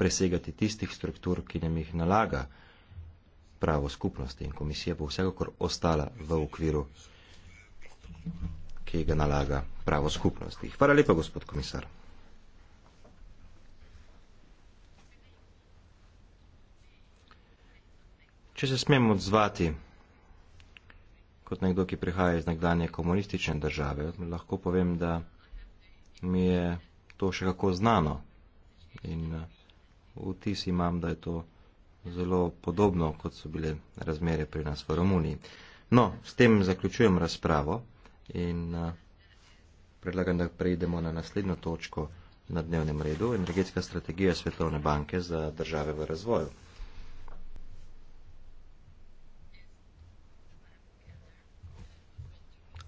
presegati tistih struktur, ki nam jih nalaga pravo skupnosti in komisija bo vsekakor ostala v okviru, ki ga nalaga pravo skupnosti. Hvala lepa, gospod komisar. Če se smem odzvati kot nekdo, ki prihaja iz nekdanje komunistične države, lahko povem, da mi je to še kako znano in vtis imam, da je to zelo podobno, kot so bile razmere pri nas v Romuniji. No, s tem zaključujem razpravo in eh, predlagam, da preidemo na naslednjo točko na dnevnem redu, energetska strategija Svetovne banke za države v razvoju.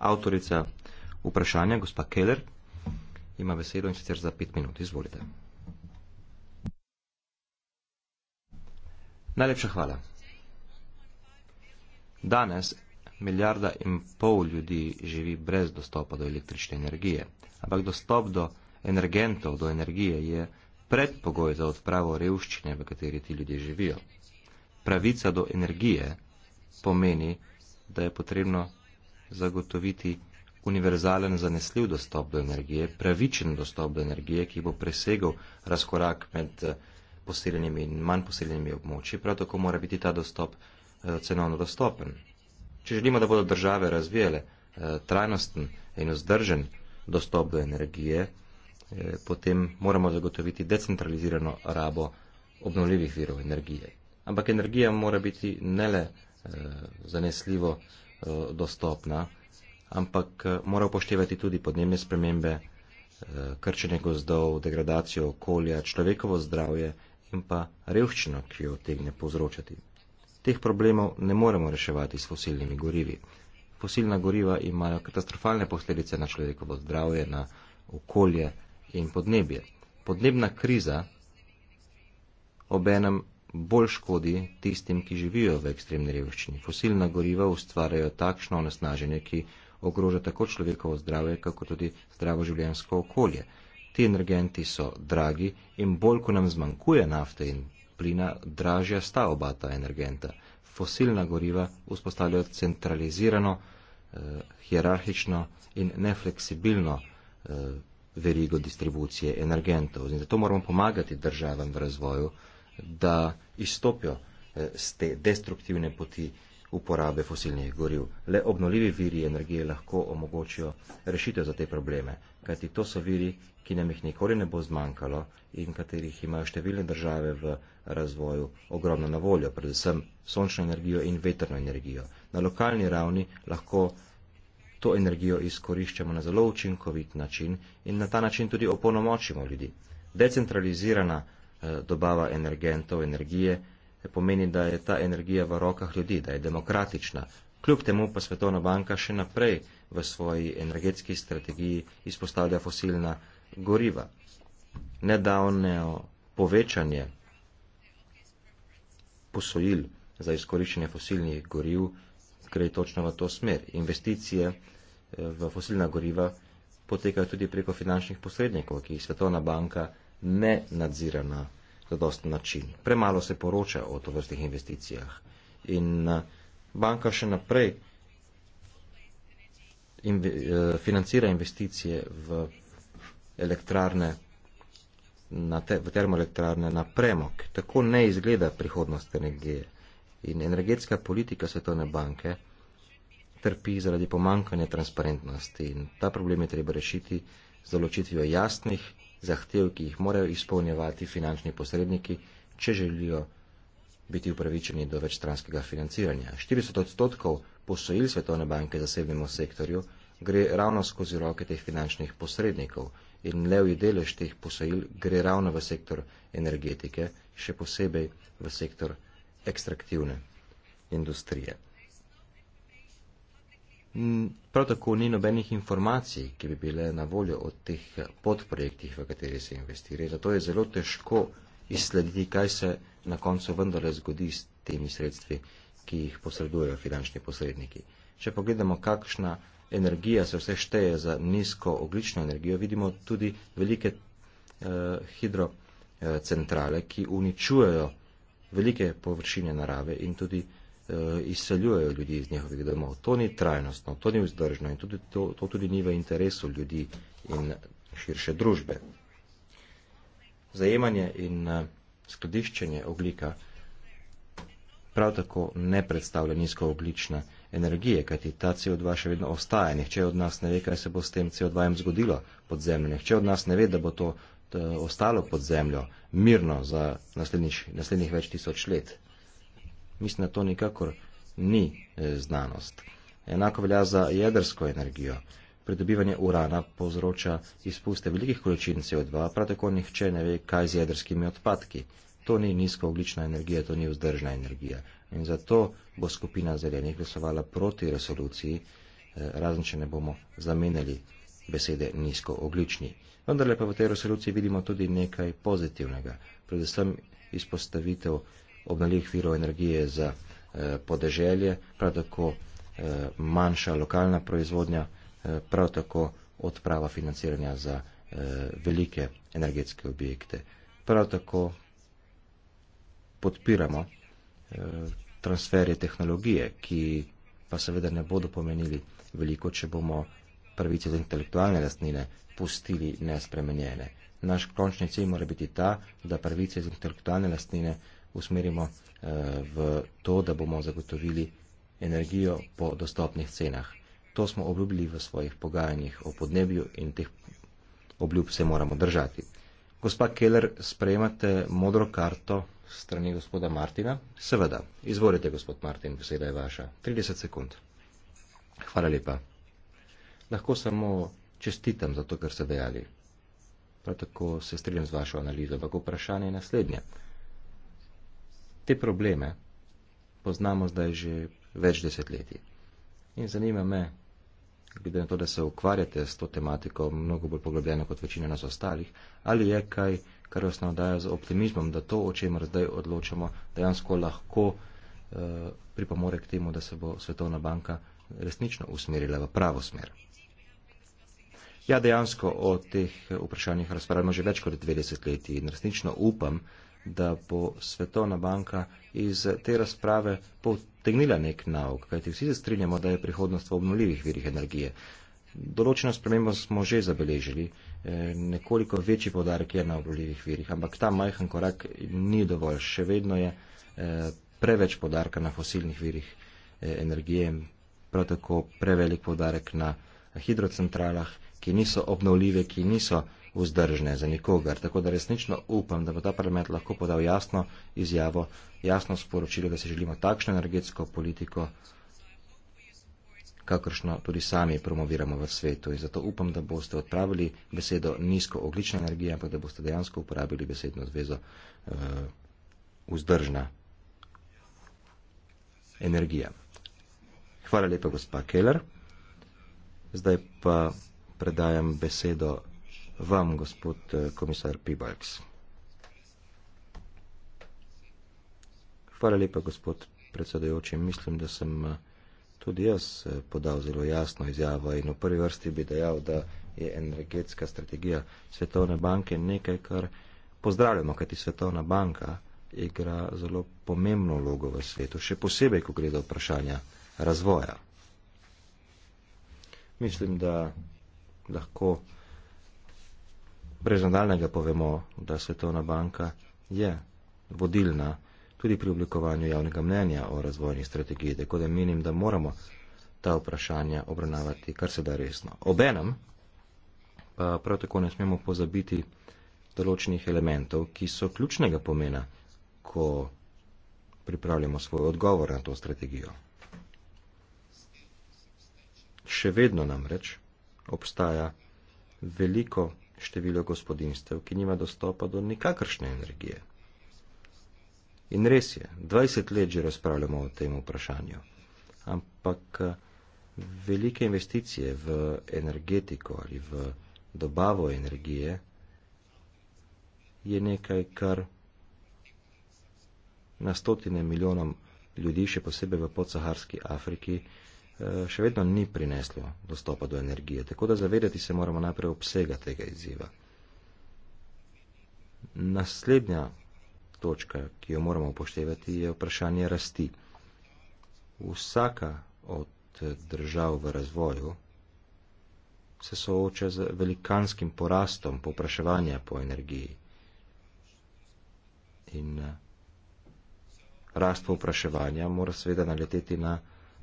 Avtorica vprašanja, gospa Keller, ima besedo in sicer za pet minut. Izvolite. Najlepša hvala. Danes milijarda in pol ljudi živi brez dostopa do električne energije, ampak dostop do energentov, do energije je predpogoj za odpravo revščine, v kateri ti ljudje živijo. Pravica do energije pomeni, da je potrebno zagotoviti univerzalen zanesljiv dostop do energije, pravičen dostop do energije, ki bo presegel razkorak med uh, poseljenimi in manj poseljenimi območji, prav tako mora biti ta dostop eh, cenovno dostopen. Če želimo, da bodo države razvijale eh, trajnosten in vzdržen dostop do energije, eh, potem moramo zagotoviti decentralizirano rabo obnovljivih virov energije. Ampak energija mora biti ne le zanesljivo dostopna, ampak mora upoštevati tudi podnebne spremembe, krčenje gozdov, degradacijo okolja, človekovo zdravje in pa revščino, ki jo tegne povzročati. Teh problemov ne moremo reševati s fosilnimi gorivi. Fosilna goriva imajo katastrofalne posledice na človekovo zdravje, na okolje in podnebje. Podnebna kriza obenem bolj škodi tistim, ki živijo v ekstremni revščini. Fosilna goriva ustvarjajo takšno onesnaženje, ki ogroža tako človekovo zdravje, kako tudi zdravo življenjsko okolje. Ti energenti so dragi in bolj, ko nam zmanjkuje nafte in plina, dražja sta oba ta energenta. Fosilna goriva vzpostavljajo centralizirano, eh, hierarhično in nefleksibilno eh, verigo distribucije energentov. In zato moramo pomagati državam v razvoju, da izstopijo eh, z te destruktivne poti eh, uporabe fosilnih goriv. Le obnoljivi viri energije lahko omogočijo rešitev za te probleme, kajti to so viri, ki nam jih nikoli ne bo zmanjkalo in katerih imajo številne države v razvoju ogromno na voljo, predvsem sončno energijo in veterno energijo. Na lokalni ravni lahko to energijo izkoriščamo na zelo učinkovit način in na ta način tudi opolnomočimo ljudi. Decentralizirana eh, dobava energentov, energije, pomeni, da je ta energija v rokah ljudi, da je demokratična. Kljub temu pa Svetovna banka še naprej v svoji energetski strategiji izpostavlja fosilna goriva. Nedavne povečanje posojil za izkoriščenje fosilnih goriv gre točno v to smer. Investicije eh, v fosilna goriva potekajo tudi preko finančnih posrednikov, ki jih Svetovna banka ne nadzira na zadosten način. Premalo se poroča o tovrstnih investicijah. In eh, banka še naprej inve, eh, financira investicije v elektrarne, na te, v termoelektrarne na premok. Tako ne izgleda prihodnost energije. In energetska politika svetovne banke trpi zaradi pomankanja transparentnosti. In ta problem je treba rešiti z določitvijo jasnih zahtev, ki jih morajo izpolnjevati finančni posredniki, če želijo biti upravičeni do večstranskega financiranja. 40 odstotkov posojil Svetovne banke zasebnemu sektorju gre ravno skozi roke teh finančnih posrednikov in levji delež teh posojil gre ravno v sektor energetike, še posebej v sektor ekstraktivne industrije. Prav tako ni nobenih informacij, ki bi bile na voljo o teh podprojektih, v kateri se investirajo. Zato je zelo težko izslediti, kaj se na koncu vendarle zgodi s temi sredstvi, ki jih posredujejo finančni posredniki. Če pogledamo, kakšna energija se vse šteje za nizko oglično energijo, vidimo tudi velike eh, hidrocentrale, ki uničujejo velike površine narave in tudi Eh, izseljujejo ljudi iz njihovih domov. To ni trajnostno, to ni vzdržno in tudi to, to tudi ni v interesu ljudi in širše družbe. Zajemanje in eh, skladiščenje oglika prav tako ne predstavlja nizkooglične energije, kajti ta CO2 še vedno ostaja. Nihče od nas ne ve, kaj se bo s tem CO2 zgodilo pod zemljo. Nihče od nas ne ve, da bo to, to eh, ostalo pod zemljo mirno za naslednjih, naslednjih več tisoč let. Mislim, da to nikakor ni eh, znanost. Enako velja za jedrsko energijo. Pridobivanje urana povzroča izpuste velikih količin CO2, prav tako nihče ne ve, kaj z jedrskimi odpadki. To ni nizkooglična energija, to ni vzdržna energija. In zato bo skupina zelenih glasovala proti resoluciji, eh, razen če ne bomo zamenjali besede nizkooglični. Vendar pa v tej resoluciji vidimo tudi nekaj pozitivnega, predvsem izpostavitev obnovljivih virov energije za eh, podeželje, prav tako eh, manjša lokalna proizvodnja, eh, prav tako odprava financiranja za velike energetske objekte. Prav tako podpiramo transferje tehnologije, ki pa seveda ne bodo pomenili veliko, če bomo pravice do intelektualne lastnine pustili nespremenjene. Naš končni cilj mora biti ta, da pravice iz intelektualne lastnine usmerimo eh, v to, da bomo zagotovili energijo po dostopnih cenah. To smo obljubili v svojih pogajanjih o podnebju in teh obljub se moramo držati. Gospa Keller, sprejemate modro karto strani gospoda Martina? Seveda. Izvolite, gospod Martin, beseda je vaša. 30 sekund. Hvala lepa. Lahko samo čestitam za to, kar ste dejali. Prav tako se strinjam z vašo analizo, ampak vprašanje je naslednje te probleme poznamo zdaj že več desetletij. In zanima me, glede na to, da se ukvarjate s to tematiko mnogo bolj poglobljeno kot večina nas ostalih, ali je kaj, kar vas navdaja z optimizmom, da to, o čemer zdaj odločamo, dejansko lahko eh, pripomore k temu, da se bo Svetovna banka resnično usmerila v pravo smer. Ja, dejansko o teh vprašanjih razpravljamo že več kot 20 let in resnično upam, da bo Svetovna banka iz te razprave potegnila nek nauk, kajti vsi se strinjamo, da je prihodnost v obnovljivih virih energije. Določeno spremembo smo že zabeležili, eh, nekoliko večji podarek je na obnovljivih virih, ampak ta majhen korak ni dovolj, še vedno je eh, preveč podarka na fosilnih virih eh, energije, prav tako prevelik podarek na hidrocentralah, ki niso obnovljive, ki niso vzdržne za nikogar. Tako da resnično upam, da bo ta parlament lahko podal jasno izjavo, jasno sporočilo, da si želimo takšno energetsko politiko, kakršno tudi sami promoviramo v svetu. In zato upam, da boste odpravili besedo nizko oglična energija, ampak da boste dejansko uporabili besedno zvezo uh, vzdržna energija. Hvala lepa, gospa Keller. Zdaj pa predajam besedo vam, gospod eh, komisar Pibalks. Hvala lepa, gospod predsedojoči. Mislim, da sem eh, tudi jaz eh, podal zelo jasno izjavo in v prvi vrsti bi dejal, da je energetska strategija Svetovne banke nekaj, kar pozdravljamo, kajti Svetovna banka igra zelo pomembno vlogo v svetu, še posebej, ko gre za vprašanja razvoja. Mislim, da lahko Brez nadaljnega povemo, da Svetovna banka je vodilna tudi pri oblikovanju javnega mnenja o razvojni strategiji, tako da menim, da moramo ta vprašanja obravnavati kar se da resno. Obenem pa prav tako ne smemo pozabiti določenih elementov, ki so ključnega pomena, ko pripravljamo svoj odgovor na to strategijo. Še vedno namreč obstaja veliko število gospodinstev, ki nima dostopa do nikakršne energije. In res je, 20 let že razpravljamo o tem vprašanju, ampak velike investicije v energetiko ali v dobavo energije je nekaj, kar na stotine milijonom ljudi, še posebej v podsaharski Afriki, Eh, še vedno ni prineslo dostopa do energije, tako da zavedati se moramo najprej obsega tega izziva. Naslednja točka, ki jo moramo upoštevati, je vprašanje rasti. Vsaka od držav v razvoju se sooča z velikanskim porastom popraševanja po energiji. In eh, rast popraševanja mora seveda naleteti na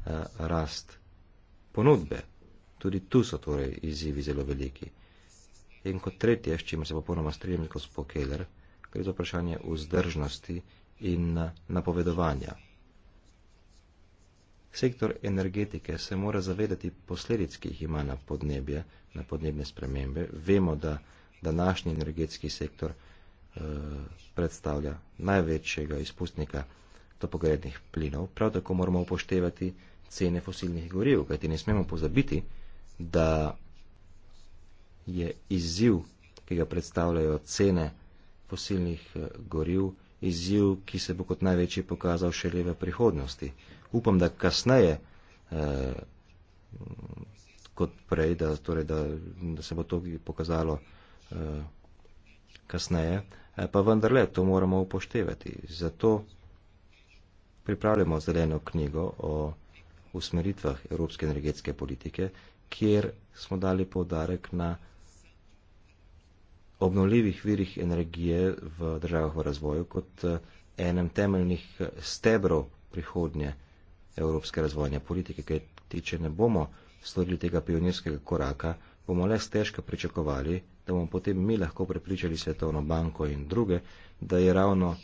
Eh, rast ponudbe. Tudi tu so torej izzivi zelo veliki. In kot tretje, s čim se popolnoma strinjam, kot spokeler, gre za vprašanje vzdržnosti in eh, napovedovanja. Sektor energetike se mora zavedati posledic, ki jih ima na podnebje, na podnebne spremembe. Vemo, da današnji energetski sektor eh, predstavlja največjega izpustnika topogrednih plinov. Prav tako moramo upoštevati cene fosilnih goriv, kajti ne smemo pozabiti, da je izziv, ki ga predstavljajo cene fosilnih eh, goriv, izziv, ki se bo kot največji pokazal še leve prihodnosti. Upam, da kasneje, eh, kot prej, da, torej, da, da se bo to pokazalo eh, kasneje, eh, pa vendarle to moramo upoštevati. Zato pripravljamo zeleno knjigo o usmeritvah evropske energetske politike, kjer smo dali povdarek na obnovljivih virih energije v državah v razvoju kot eh, enem temeljnih eh, stebrov prihodnje evropske razvojne politike, kaj tiče ne bomo stvorili tega pionirskega koraka, bomo le stežka pričakovali, da bomo potem mi lahko prepričali Svetovno banko in druge, da je ravno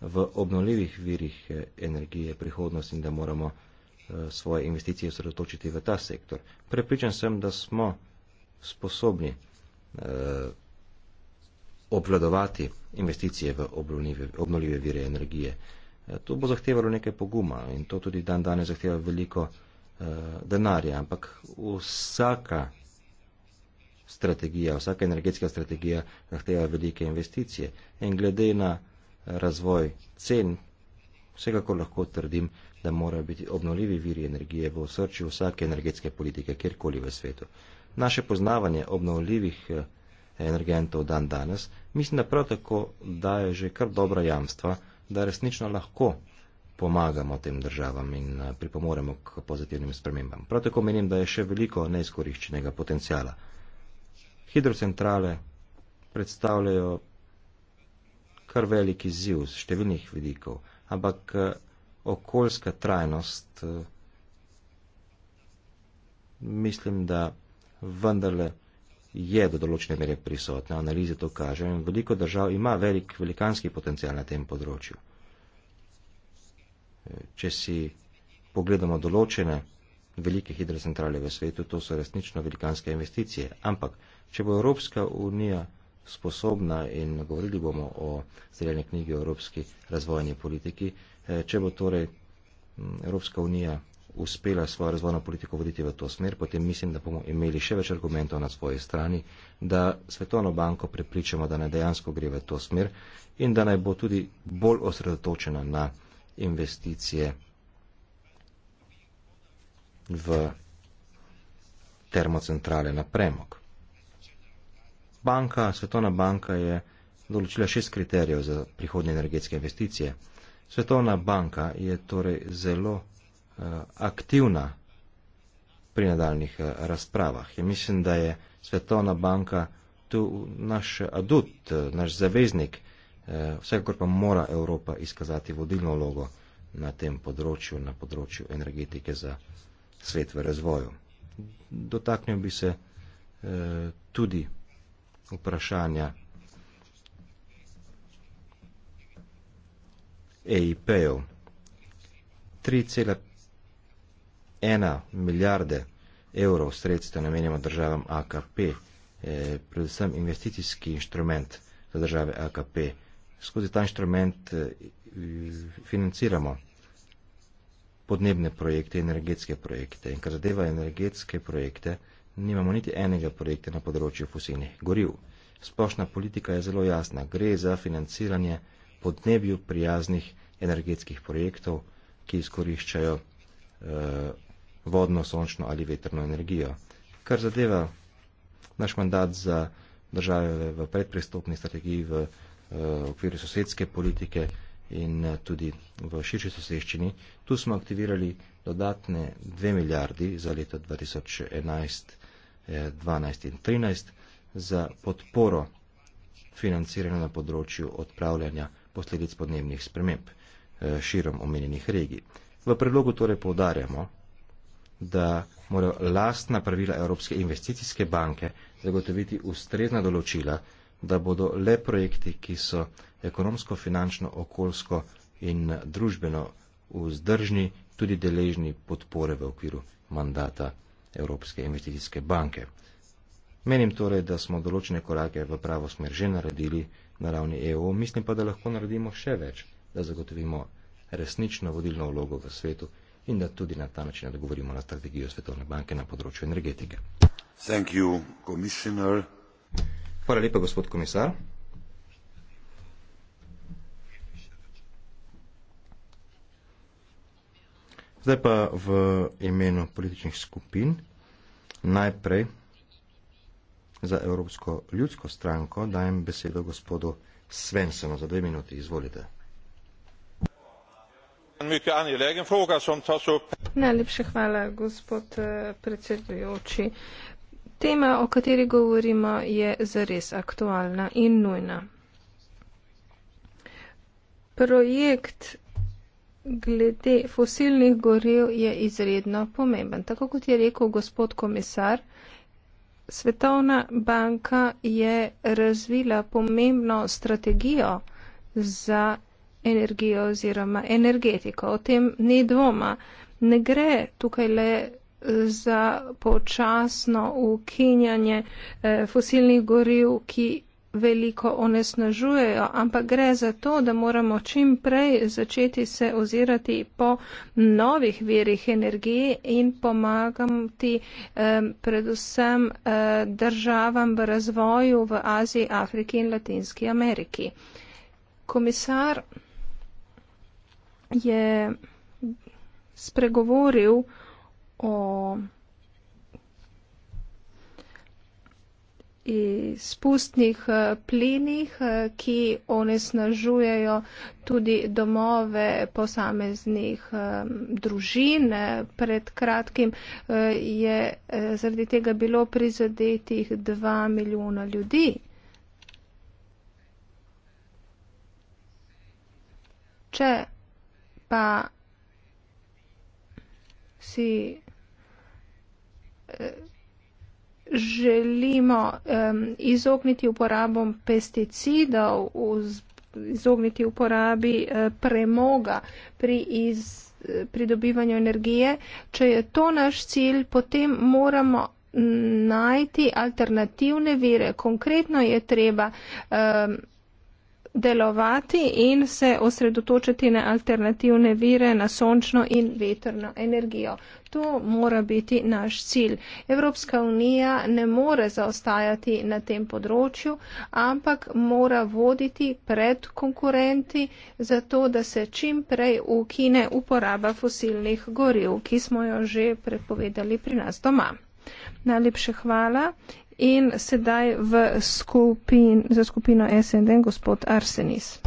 v obnovljivih virih eh, energije prihodnost in da moramo Eh, svoje investicije sredotočiti v ta sektor. Prepričan sem, da smo sposobni eh, obvladovati investicije v obnovljive, obnovljive vire energije. Eh, to bo zahtevalo nekaj poguma in to tudi dan danes zahteva veliko eh, denarja, ampak vsaka strategija, vsaka energetska strategija zahteva velike investicije in glede na razvoj cen, vsekakor lahko trdim, da morajo biti obnovljivi viri energije v osrčju vsake energetske politike, kjerkoli v svetu. Naše poznavanje obnovljivih eh, energentov dan danes, mislim, da prav tako daje že kar dobra jamstva, da resnično lahko pomagamo tem državam in eh, pripomoremo k pozitivnim spremembam. Prav tako menim, da je še veliko neizkoriščenega potencijala. Hidrocentrale predstavljajo kar veliki ziv z številnih vidikov, ampak eh, okoljska trajnost. Eh, mislim, da vendarle je do določene mere prisotna, analize to kažejo in veliko držav ima velik, velikanski potencial na tem področju. Eh, če si pogledamo določene velike hidrocentrale v svetu, to so resnično velikanske investicije, ampak če bo Evropska unija sposobna in govorili bomo o zeljeni knjigi o evropski razvojni politiki. Eh, če bo torej mm, Evropska unija uspela svojo razvojno politiko voditi v to smer, potem mislim, da bomo imeli še več argumentov na svoji strani, da Svetovno banko prepričamo, da ne dejansko gre v to smer in da naj bo tudi bolj osredotočena na investicije v termocentrale na premog banka, Svetovna banka je določila šest kriterijev za prihodnje energetske investicije. Svetovna banka je torej zelo uh, aktivna pri nadaljnih uh, razpravah. Ja mislim, da je Svetovna banka tu naš adut, uh, naš zaveznik, uh, vsekakor pa mora Evropa izkazati vodilno vlogo na tem področju, na področju energetike za svet v razvoju. Dotaknil bi se uh, tudi vprašanja. EIP-ev 3,1 milijarde evrov sredstva namenjamo državam AKP, e, predvsem investicijski inštrument za države AKP. Skozi ta inštrument e, financiramo podnebne projekte, energetske projekte. In kar zadeva energetske projekte, nimamo niti enega projekta na področju fosilnih goriv. Splošna politika je zelo jasna, gre za financiranje podnebju prijaznih energetskih projektov, ki izkoriščajo eh, vodno, sončno ali vetrno energijo. Kar zadeva naš mandat za države v predpristopni strategiji v eh, okviru sosedske politike in eh, tudi v širši soseščini, tu smo aktivirali dodatne 2 milijardi za leto 2011 12 eh, in 13 za podporo financiranja na področju odpravljanja posledic podnebnih sprememb eh, širom omenjenih regij. V predlogu torej povdarjamo, da morajo lastna pravila Evropske investicijske banke zagotoviti ustrezna določila, da bodo le projekti, ki so ekonomsko, finančno, okoljsko in družbeno vzdržni, tudi deležni podpore v okviru mandata Evropske investicijske banke. Menim torej, da smo določene korake v pravo smer že naredili na ravni EU, mislim pa, da lahko naredimo še več, da zagotovimo resnično vodilno vlogo v svetu in da tudi na ta način odgovorimo na strategijo Svetovne banke na področju energetike. Thank you, Hvala lepa, gospod komisar. Zdaj pa v imenu političnih skupin najprej za Evropsko ljudsko stranko dajem besedo gospodu Svensenu za dve minuti. Izvolite. Najlepša hvala, gospod eh, predsedujoči. Tema, o kateri govorimo, je zares aktualna in nujna. Projekt glede fosilnih goriv je izredno pomemben. Tako kot je rekel gospod komisar, Svetovna banka je razvila pomembno strategijo za energijo oziroma energetiko. O tem ni dvoma. Ne gre tukaj le za počasno ukinjanje eh, fosilnih goriv, ki veliko onesnažujejo, ampak gre za to, da moramo čim prej začeti se ozirati po novih verih energije in pomagati eh, predvsem eh, državam v razvoju v Aziji, Afriki in Latinski Ameriki. Komisar je spregovoril o izpustnih eh, plenih, eh, ki onesnažujejo tudi domove posameznih eh, družin. Pred kratkim je zaradi tega bilo prizadetih dva milijona ljudi. Če pa si želimo um, izogniti uporabom pesticidov, uz, izogniti uporabi uh, premoga pri iz, e, pridobivanju energije, če je to naš cilj, potem moramo najti alternativne vire. Konkretno je treba um, delovati in se osredotočiti na alternativne vire, na sončno in vetrno energijo. To mora biti naš cilj. Evropska unija ne more zaostajati na tem področju, ampak mora voditi pred konkurenti za to, da se čim prej ukine uporaba fosilnih goriv, ki smo jo že prepovedali pri nas doma. Najlepše hvala in sedaj v skupin, za skupino SND gospod Arsenis.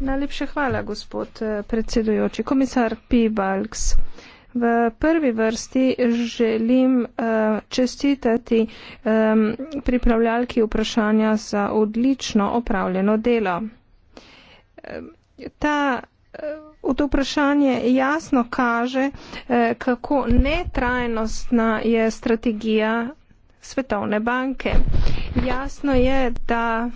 Najlepše hvala, gospod eh, predsedujoči. Komisar P. Balks, v prvi vrsti želim uh, čestitati um, pripravljalki vprašanja za odlično opravljeno delo. Uh, ta v to vprašanje jasno kaže, eh, kako netrajnostna je strategija Svetovne banke. Jasno je, da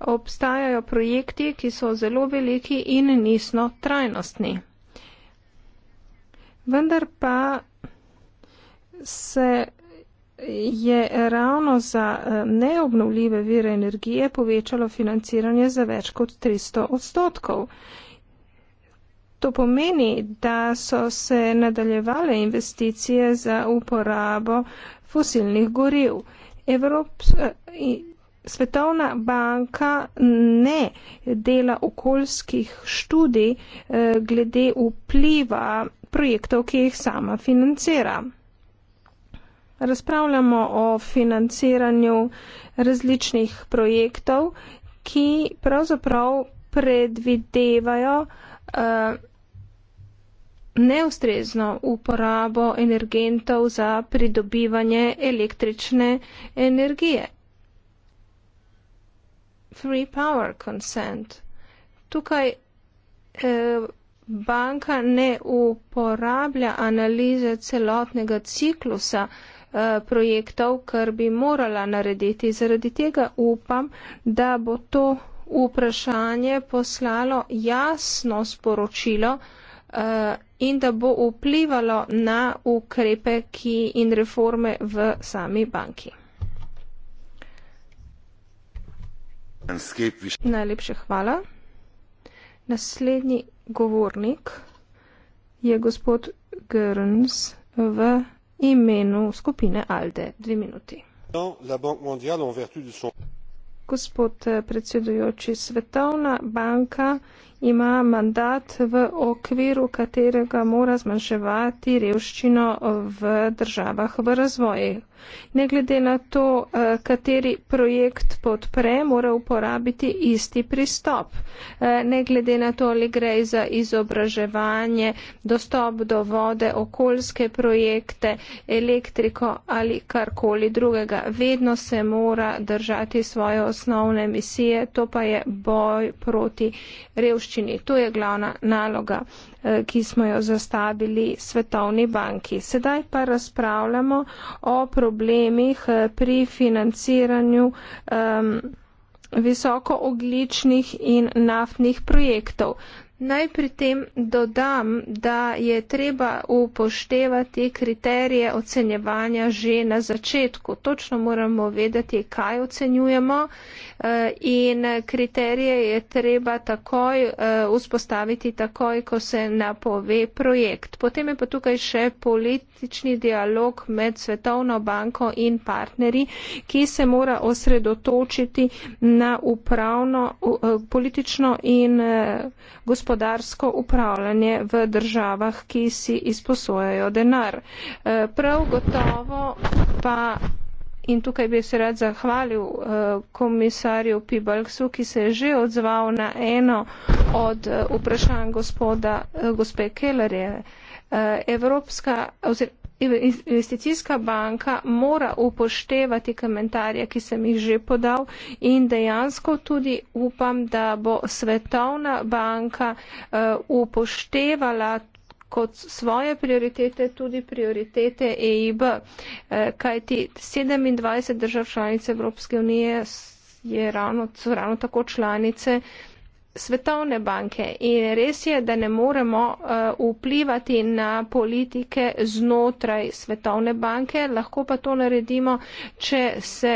obstajajo projekti, ki so zelo veliki in nisno trajnostni. Vendar pa se je ravno za eh, neobnovljive vire energije povečalo financiranje za več kot 300 odstotkov. To pomeni, da so se nadaljevale investicije za uporabo fosilnih goriv. Eh, Svetovna banka ne dela okoljskih študij eh, glede vpliva projektov, ki jih sama financira. Razpravljamo o financiranju različnih projektov, ki pravzaprav predvidevajo eh, neustrezno uporabo energentov za pridobivanje električne energije. Free power consent. Tukaj eh, banka ne uporablja analize celotnega ciklusa eh, Eh, projektov, kar bi morala narediti. Zaradi tega upam, da bo to vprašanje poslalo jasno sporočilo eh, in da bo vplivalo na ukrepe ki in reforme v sami banki. Najlepše hvala. Naslednji govornik je gospod Grns v imenu skupine ALDE. Dve minuti. Gospod eh, predsedujoči, Svetovna banka ima mandat v okviru katerega mora zmanjševati revščino v državah v razvoju. Ne glede na to, eh, kateri projekt podpre, mora uporabiti isti pristop. Eh, ne glede na to, ali gre za izobraževanje, dostop do vode, okoljske projekte, elektriko ali karkoli drugega. Vedno se mora držati svoje osnovne misije, to pa je boj proti revščini revščini. To je glavna naloga, eh, ki smo jo zastavili Svetovni banki. Sedaj pa razpravljamo o problemih eh, pri financiranju um, ehm, visokoogličnih in naftnih projektov. Naj pri tem dodam, da je treba upoštevati kriterije ocenjevanja že na začetku. Točno moramo vedeti, kaj ocenjujemo eh, in kriterije je treba takoj eh, vzpostaviti, takoj, ko se napove projekt. Potem je pa tukaj še politični dialog med Svetovno banko in partnerji, ki se mora osredotočiti na upravno, eh, politično in gospodarstvo gospodarsko upravljanje v državah, ki si izposojajo denar. E, prav gotovo pa. In tukaj bi se rad zahvalil e, komisarju Pibalksu, ki se je že odzval na eno od e, vprašanj gospoda, gospe Kellerjeve. Evropska, oziroma investicijska banka mora upoštevati komentarje, ki sem jih že podal in dejansko tudi upam, da bo svetovna banka eh, upoštevala kot svoje prioritete tudi prioritete EIB, eh, kajti 27 držav članic Evropske unije je ravno, so ravno tako članice Svetovne banke in res je, da ne moremo uh, vplivati na politike znotraj Svetovne banke, lahko pa to naredimo, če se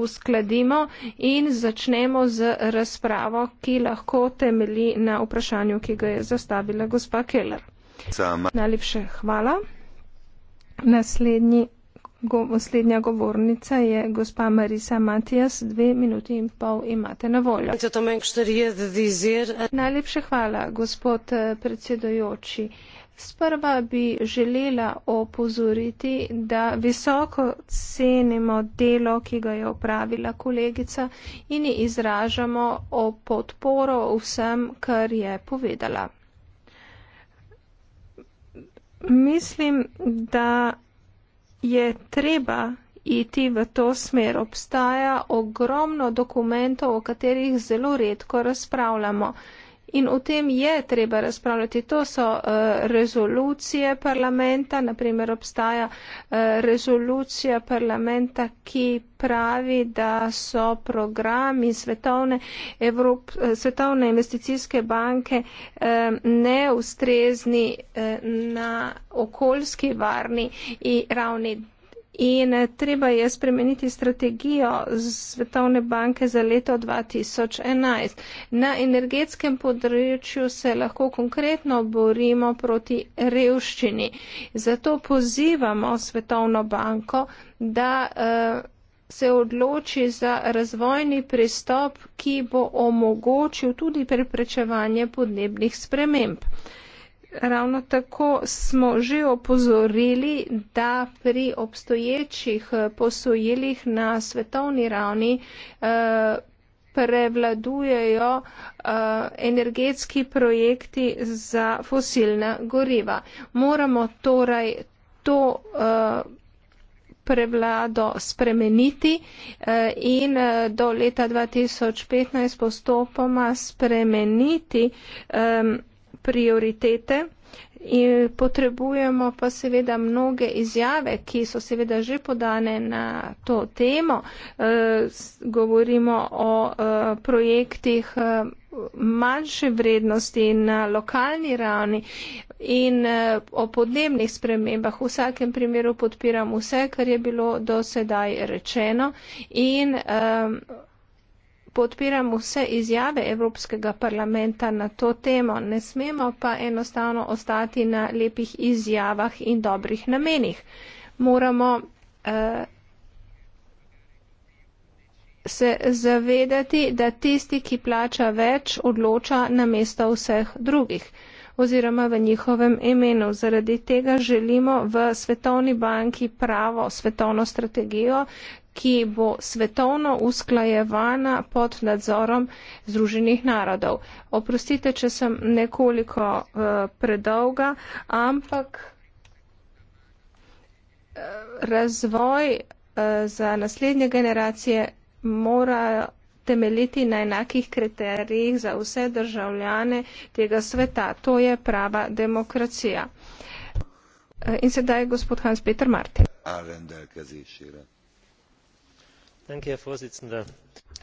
uskladimo in začnemo z razpravo, ki lahko temeli na vprašanju, ki ga je zastavila gospa Keller. Najlepše hvala. Naslednji Poslednja go, govornica je gospa Marisa Matijas, dve minuti in pol imate na voljo. Najlepša hvala, gospod eh, predsedojoči. Sprva bi želela opozoriti, da visoko cenimo delo, ki ga je opravila kolegica in ji izražamo o podporo vsem, kar je povedala. Mislim, da je treba iti v to smer. Obstaja ogromno dokumentov, o katerih zelo redko razpravljamo. In o tem je treba razpravljati. To so uh, rezolucije parlamenta, naprimer obstaja uh, rezolucija parlamenta, ki pravi, da so programi Svetovne, Evrop, Svetovne investicijske banke eh, neustrezni na okoljski varni ravni In eh, treba je spremeniti strategijo Svetovne banke za leto 2011. Na energetskem področju se lahko konkretno borimo proti revščini. Zato pozivamo Svetovno banko, da uh, se odloči za razvojni pristop, ki bo omogočil tudi preprečevanje podnebnih sprememb. Uh, ravno tako smo že opozorili, da pri obstoječih eh, posojilih na svetovni ravni eh, prevladujejo eh, energetski projekti za fosilna goriva. Moramo torej to prevlado spremeniti in do leta 2015 postopoma spremeniti prioritete. In potrebujemo pa seveda mnoge izjave, ki so seveda že podane na to temo. Eh, govorimo o eh, projektih eh, manjše vrednosti na lokalni ravni in o podnebnih spremembah. V vsakem primeru podpiram vse, kar je bilo do sedaj rečeno. In, podpiram vse izjave Evropskega parlamenta na to temo, ne smemo pa enostavno ostati na lepih izjavah in dobrih namenih. Moramo uh, se zavedati, da tisti, ki plača več, odloča na mesto vseh drugih oziroma v njihovem imenu. Zaradi tega želimo v Svetovni banki pravo svetovno strategijo, ki bo svetovno usklajevana pod nadzorom Združenih narodov. Oprostite, če sem nekoliko uh, predolga, ampak eh, razvoj uh, za naslednje generacije mora temeljiti na enakih kriterijih za vse državljane tega sveta. To je prava demokracija. E, in sedaj gospod Hans Peter Martin.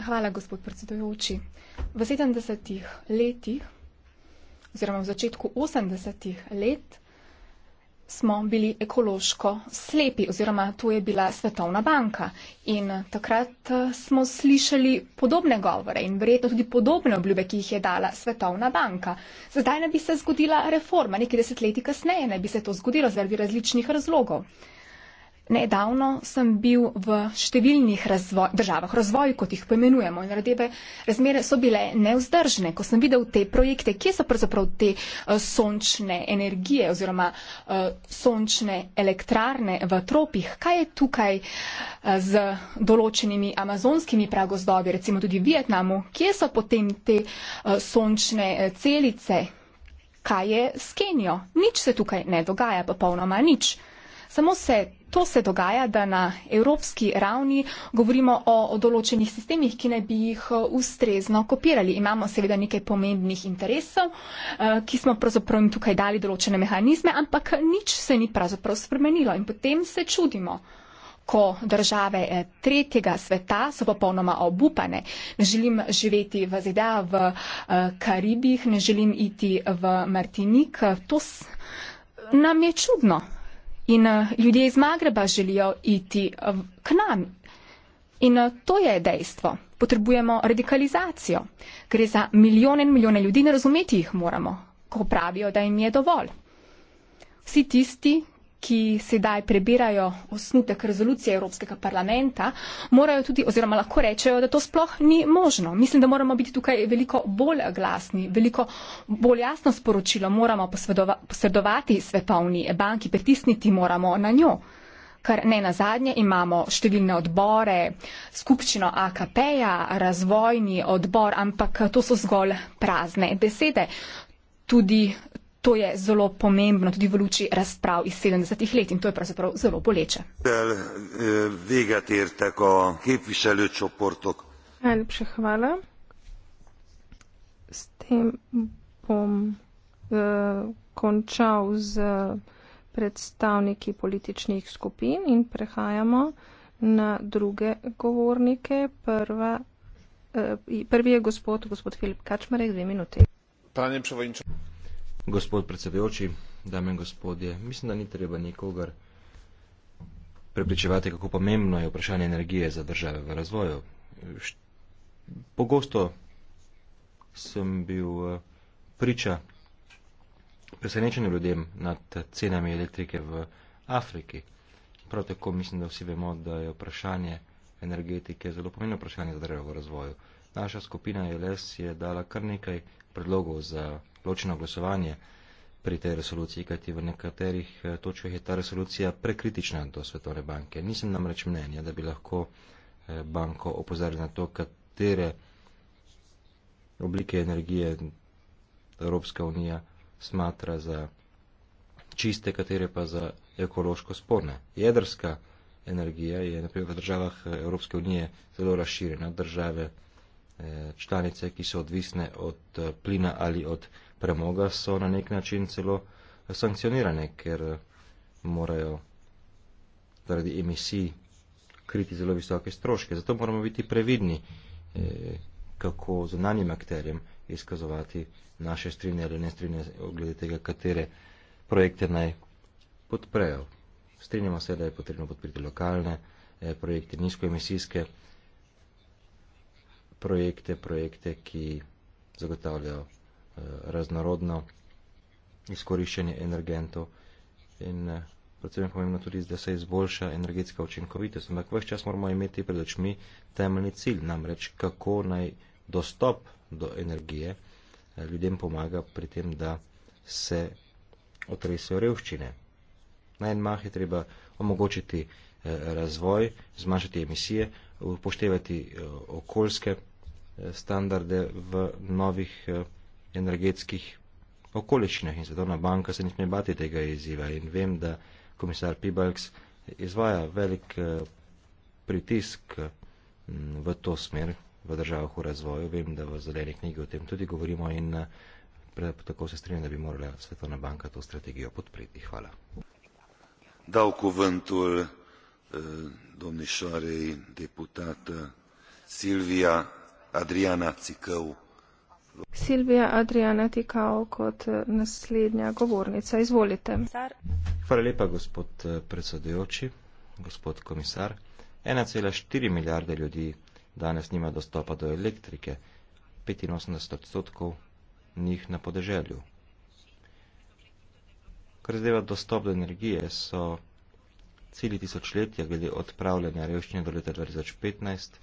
Hvala, gospod predsedujoči. V 70-ih letih oziroma v začetku 80-ih let smo bili ekološko slepi oziroma to je bila Svetovna banka. In takrat eh, smo slišali podobne govore in verjetno tudi podobne obljube, ki jih je dala Svetovna banka. Zdaj ne bi se zgodila reforma, nekaj desetletij kasneje ne bi se to zgodilo zaradi različnih razlogov. Nedavno sem bil v številnih razvoj, državah, razvoju, kot jih poimenujemo, in radebe, razmere so bile neuzdržne. Ko sem videl te projekte, kje so pravzaprav te uh, sončne energije oziroma uh, sončne elektrarne v tropih, kaj je tukaj uh, z določenimi amazonskimi pragozdobi, recimo tudi v Vietnamu, kje so potem te uh, sončne celice, kaj je s Kenijo. Nič se tukaj ne dogaja, popolnoma nič. Samo se to se dogaja, da na evropski ravni govorimo o, o določenih sistemih, ki ne bi jih eh, ustrezno kopirali. Imamo seveda nekaj pomembnih interesov, eh, ki smo pravzaprav jim tukaj dali določene mehanizme, ampak nič se ni pravzaprav spremenilo in potem se čudimo ko države eh, tretjega sveta so popolnoma obupane. Ne želim živeti v ZDA, v Karibih, ne želim iti v Martinik. To s... nam je čudno. In eh, ljudje iz Magreba želijo iti eh, k nam. In eh, to je dejstvo. Potrebujemo radikalizacijo. Gre za milijone in milijone ljudi, ne razumeti jih moramo, ko pravijo, da jim je dovolj. Vsi tisti, ki sedaj prebirajo osnutek rezolucije Evropskega parlamenta, morajo tudi oziroma lahko rečejo, da to sploh ni možno. Mislim, da moramo biti tukaj veliko bolj glasni, veliko bolj jasno sporočilo moramo posredovati svetovni banki, pritisniti moramo na njo. Kar ne na zadnje imamo številne odbore, skupščino AKP-ja, razvojni odbor, ampak to so zgolj prazne besede. Tudi To je zelo pomembno tudi v luči razprav iz 70-ih let in to je pravzaprav zelo boleče. Eh, Najlepša hvala. S tem bom uh, končal z eh, predstavniki političnih skupin in prehajamo na druge govornike. Prva, uh, prvi je gospod, gospod Filip Kačmarek, dve minuti. Gospod predsedujoči, dame in gospodje, mislim, da ni treba nikogar prepričevati, kako pomembno je vprašanje energije za države v razvoju. Pogosto sem bil eh, priča presenečenju ljudem nad cenami elektrike v Afriki. Prav tako mislim, da vsi vemo, da je vprašanje energetike zelo pomembno vprašanje za države v razvoju. Naša skupina LS je dala kar nekaj predlogov za ločeno glasovanje pri tej resoluciji, kajti v nekaterih eh, točkah je ta resolucija prekritična do Svetovne banke. Nisem namreč mnenja, da bi lahko eh, banko opozarjali na to, katere oblike energije Evropska unija smatra za čiste, katere pa za ekološko sporne. Jedrska energija je naprimer v državah eh, Evropske unije zelo razširjena, države članice, ki so odvisne od plina ali od energije premoga so na nek način celo sankcionirane, ker morajo zaradi emisij kriti zelo visoke stroške. Zato moramo biti previdni, eh, kako zunanjim akterjem izkazovati naše strinje ali ne strinje, glede tega, katere projekte naj podprejo. Strinjamo se, da je potrebno podpriti lokalne eh, projekte, nizkoemisijske projekte, projekte, ki zagotavljajo Eh, raznorodno izkoriščanje energentov in eh, predvsem je pomembno tudi, da se izboljša energetska učinkovitost. Ampak vse čas moramo imeti pred očmi temeljni cilj, namreč kako naj dostop do energije eh, ljudem pomaga pri tem, da se otresejo revščine. Na en mah je treba omogočiti razvoj, zmanjšati emisije, upoštevati okoljske standarde v novih energetskih okoliščinah in Svetovna banka se ni sme bati tega izziva in vem, da komisar Pibalks izvaja velik eh, pritisk mm, v to smer v državah v razvoju. Vem, da v zeleni knjigi o tem tudi govorimo in eh, tako se strinjam, da bi morala Svetovna banka to strategijo podpreti. Hvala. Davko Ventul, eh, domni Šarej, deputata Silvija Adriana Cikov. Silvija Adriana Tikao kot eh, naslednja govornica. Izvolite. Hvala lepa, gospod eh, predsedujoči, gospod komisar. 1,4 milijarde ljudi danes nima dostopa do elektrike, 85 odstotkov njih na podeželju. Kar zdeva dostop do energije, so cilji tisočletja glede odpravljanja revščine do leta 2015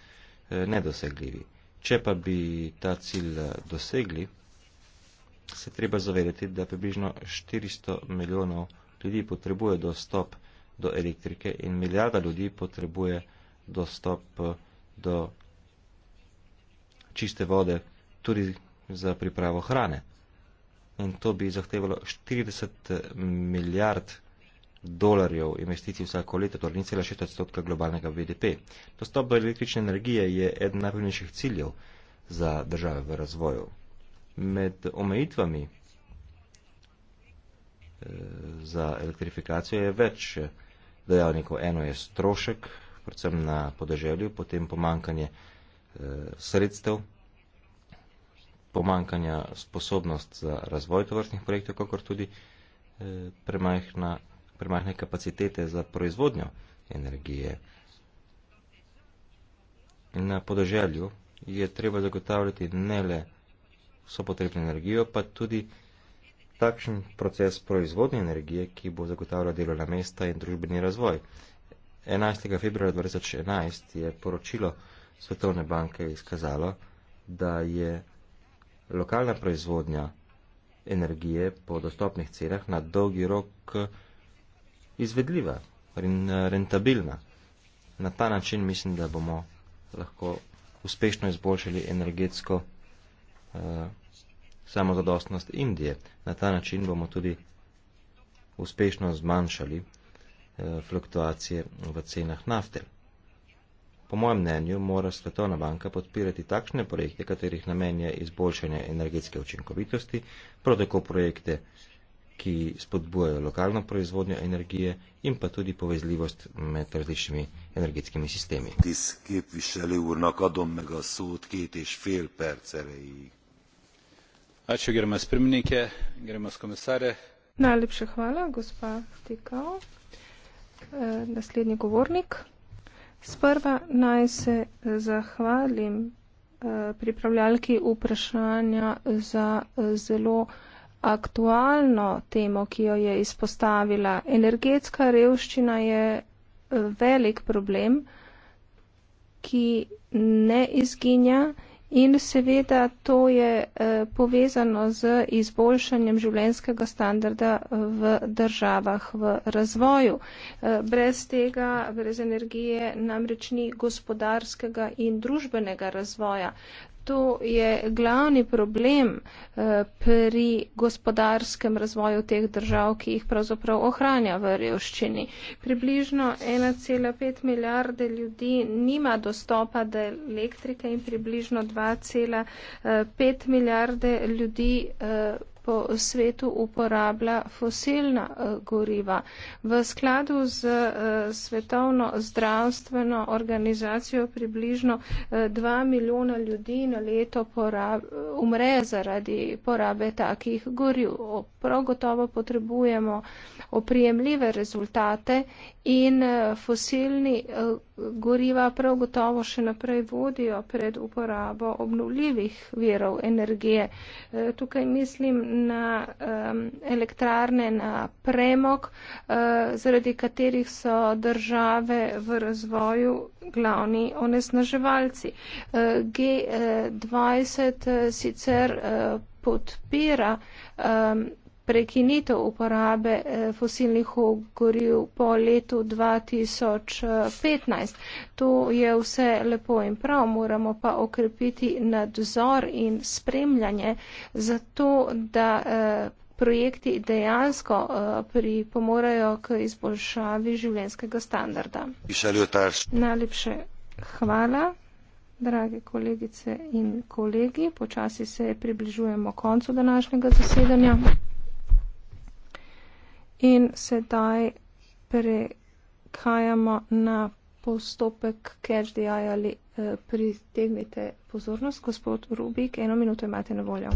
eh, nedosegljivi. Če pa bi ta cilj eh, dosegli, se treba zavedati, da približno 400 milijonov ljudi potrebuje dostop do elektrike in milijarda ljudi potrebuje dostop eh, do čiste vode tudi za pripravo hrane. In to bi zahtevalo 40 eh, milijard ljudi dolarjev investicij vsako leto, torej ni cela šest odstotka globalnega BDP. Dostop do električne energije je eden najpomembnejših ciljev za države v razvoju. Med omejitvami eh, za elektrifikacijo je več eh, dejavnikov. Eno je strošek, predvsem na podeželju, potem pomankanje eh, sredstev, pomankanja sposobnost za razvoj tovrstnih projektov, kakor tudi premajhna premajhne kapacitete za proizvodnjo energije. Na podeželju je treba zagotavljati ne le vso potrebno energijo, pa tudi takšen proces proizvodnje energije, ki bo zagotavljal delovna mesta in družbeni razvoj. 11. februarja 2011 je poročilo Svetovne banke izkazalo, da je lokalna proizvodnja energije po dostopnih cenah na dolgi rok izvedljiva in eh, rentabilna. Na ta način mislim, da bomo lahko uspešno izboljšali energetsko eh, samozadostnost Indije. Na ta način bomo tudi uspešno zmanjšali eh, fluktuacije v cenah nafte. Po mojem mnenju mora Svetovna banka podpirati takšne projekte, katerih namen je izboljšanje energetske učinkovitosti, prav tako projekte eh, ki spodbujajo lokalno proizvodnjo energije in pa tudi povezljivost med različnimi energetskimi sistemi. Ačiū, gerbiamas pirmininkė, gerbiamas komisarė. Najlepša hvala, gospa Tikau. E, naslednji govornik. Sprva naj se zahvalim e, pripravljalki vprašanja za e, zelo aktualno temo, ki jo je izpostavila. Energetska revščina je eh, velik problem, ki ne izginja in seveda to je eh, povezano z izboljšanjem življenskega standarda eh, v državah v razvoju. Brez tega, brez energije namreč ni gospodarskega in družbenega razvoja to je glavni problem eh, pri gospodarskem razvoju teh držav, ki jih pravzaprav ohranja v revščini. Približno 1,5 milijarde ljudi nima dostopa do elektrike in približno 2,5 eh, milijarde ljudi eh, po svetu uporablja fosilna eh, goriva. V skladu z eh, Svetovno zdravstveno organizacijo približno 2 eh, milijona ljudi na leto umre zaradi porabe takih goriv. Prav gotovo potrebujemo oprijemljive rezultate in fosilni goriva goriva prav gotovo še naprej vodijo pred uporabo obnovljivih verov energije. E, tukaj mislim na elektrarne, na premog, e, zaradi katerih so države v razvoju glavni onesnaževalci. E, G20 sicer podpira prekinitev uporabe eh, fosilnih goriv po letu 2015. To je vse lepo in prav, moramo pa okrepiti nadzor in spremljanje za to, da eh, projekti dejansko eh, pripomorejo k izboljšavi življenskega standarda. Najlepše hvala. Drage kolegice in kolegi, počasi se približujemo koncu današnjega zasedanja. In sedaj prekajamo na postopek CashDI ali eh, pritegnite pozornost, gospod Rubik, eno minuto imate na voljo.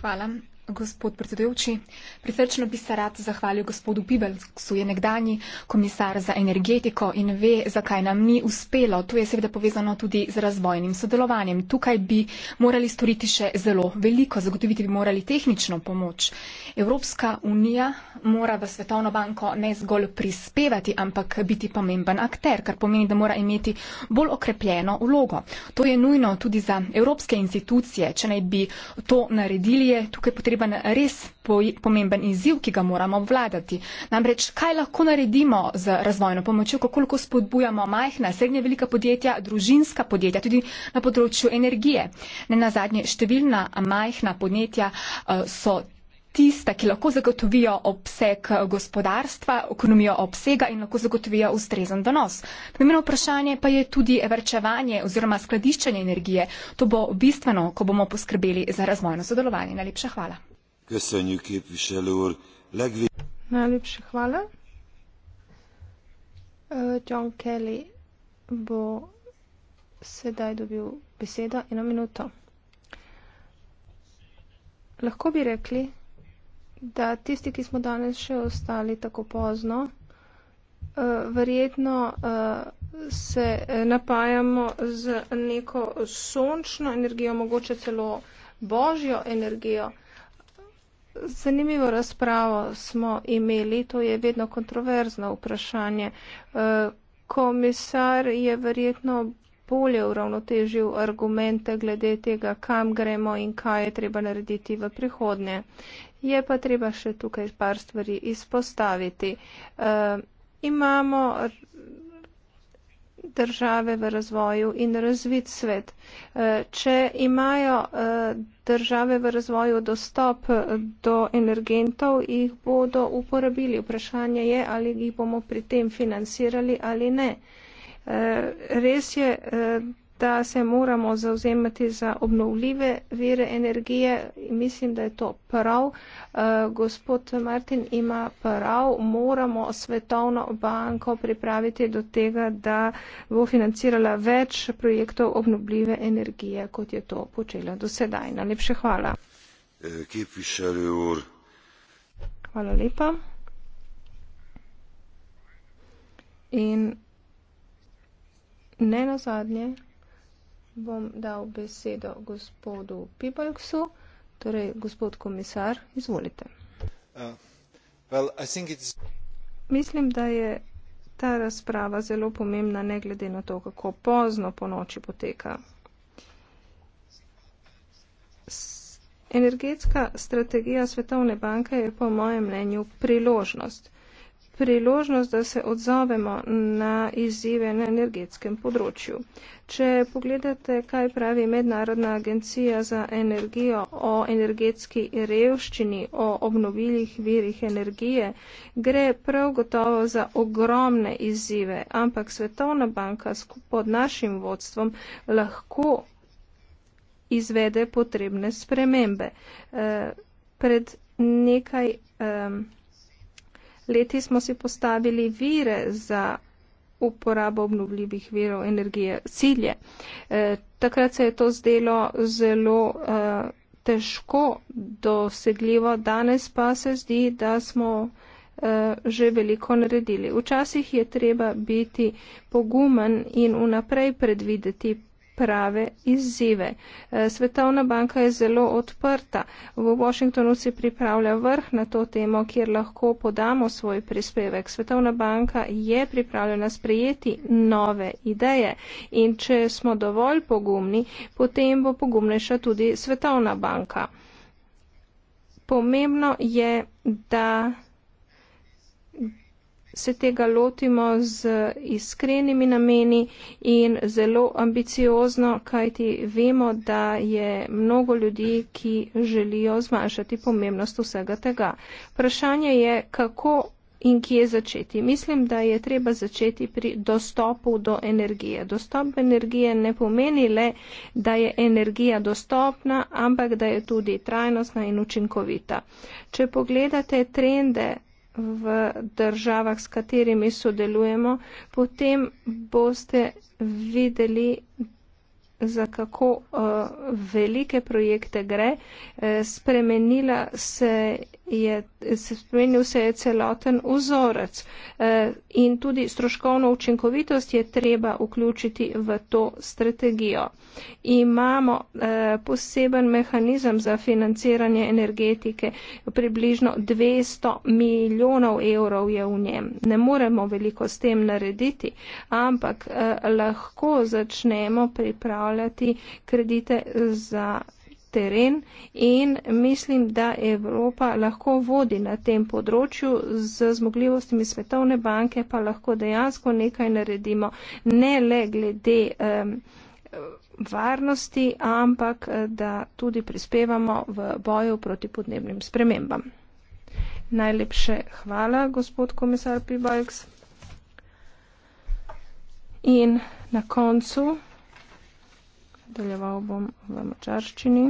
Hvala. Gospod predsedujoči, prisrčno bi se rad zahvalil gospodu Bibelsu, je nekdani komisar za energetiko in ve, zakaj nam ni uspelo. To je seveda povezano tudi z razvojnim sodelovanjem. Tukaj bi morali storiti še zelo veliko, zagotoviti bi morali tehnično pomoč. Evropska unija mora v Svetovno banko ne zgolj prispevati, ampak biti pomemben akter, kar pomeni, da mora imeti bolj okrepljeno vlogo. To je nujno tudi za evropske institucije. Če naj bi to naredili, je tukaj potrebno potreben res pomemben izziv, ki ga moramo obvladati. Namreč, kaj lahko naredimo z razvojno pomočjo, koliko spodbujamo majhna, srednje velika podjetja, družinska podjetja, tudi na področju energije. Ne na zadnje, številna majhna podjetja eh, so tista, ki lahko zagotovijo obseg eh, gospodarstva, ekonomijo obsega in lahko zagotovijo ustrezen donos. Primerno vprašanje pa je tudi evrčevanje oziroma skladiščenje energije. To bo bistveno, ko bomo poskrbeli za razvojno sodelovanje. Najlepša hvala. Najlepša hvala. Eh, John Kelly bo sedaj dobil besedo eno minuto. Lahko bi rekli, da tisti, ki smo danes še ostali tako pozno, uh, verjetno uh, se eh, napajamo z neko sončno energijo, mogoče celo božjo energijo. Zanimivo razpravo smo imeli, to je vedno kontroverzno vprašanje. Komisar je verjetno bolje uravnotežil argumente glede tega, kam gremo in kaj je treba narediti v prihodnje je pa treba še tukaj par stvari izpostaviti. Uh, imamo države v razvoju in razvit svet. Eh, če imajo eh, države v razvoju dostop do energentov, jih bodo uporabili. Vprašanje je, ali jih bomo pri tem financirali ali ne. Res je, da se moramo zauzemati za obnovljive vire energije. Mislim, da je to prav. Eh, gospod Martin ima prav. Moramo Svetovno banko pripraviti do tega, da bo financirala več projektov obnovljive energije, kot je to počela do sedaj. Najlepše hvala. Eh, hvala lepa. In ne nazadnje bom dal besedo gospodu Pibalksu, torej gospod komisar, izvolite. Uh, well, Mislim, da je ta razprava zelo pomembna, ne glede na to, kako pozno po noči poteka. Energetska strategija Svetovne banke je po mojem mnenju priložnost priložnost, da se odzovemo na izzive na energetskem področju. Če pogledate, kaj pravi Mednarodna agencija za energijo o energetski revščini, o obnovilih virih energije, gre prav gotovo za ogromne izzive, ampak Svetovna banka pod našim vodstvom lahko izvede potrebne spremembe. Eh, pred nekaj leti smo si postavili vire za uporabo obnovljivih virov energije, cilje. E, takrat se je to zdelo zelo e, težko dosegljivo, danes pa se zdi, da smo e, že veliko naredili. Včasih je treba biti pogumen in vnaprej predvideti prave izzive. Eh, Svetovna banka je zelo odprta. V Washingtonu se pripravlja vrh na to temo, kjer lahko podamo svoj prispevek. Svetovna banka je pripravljena sprejeti nove ideje in če smo dovolj pogumni, potem bo pogumnejša tudi Svetovna banka. Pomembno je, da se tega lotimo z iskrenimi nameni in zelo ambiciozno, kajti vemo, da je mnogo ljudi, ki želijo zmanjšati pomembnost vsega tega. Vprašanje je, kako in kje začeti. Mislim, da je treba začeti pri dostopu do energije. Dostop do energije ne pomeni le, da je energija dostopna, ampak da je tudi trajnostna in učinkovita. Če pogledate trende v državah, s katerimi sodelujemo, potem boste videli, za kako uh, velike projekte gre. Eh, spremenila se je, se spremenil se je celoten vzorec uh, in tudi stroškovno učinkovitost je treba vključiti v to strategijo. Imamo uh, poseben mehanizem za financiranje energetike, približno 200 milijonov evrov je v njem. Ne moremo veliko s tem narediti, ampak uh, lahko začnemo pripravljati zagotavljati kredite za teren in mislim, da Evropa lahko vodi na tem področju z zmogljivostmi Svetovne banke, pa lahko dejansko nekaj naredimo, ne le glede um, varnosti, ampak da tudi prispevamo v boju proti podnebnim spremembam. Najlepše hvala, gospod komisar Pibajks. In na koncu nadaljeval bom v mačarščini.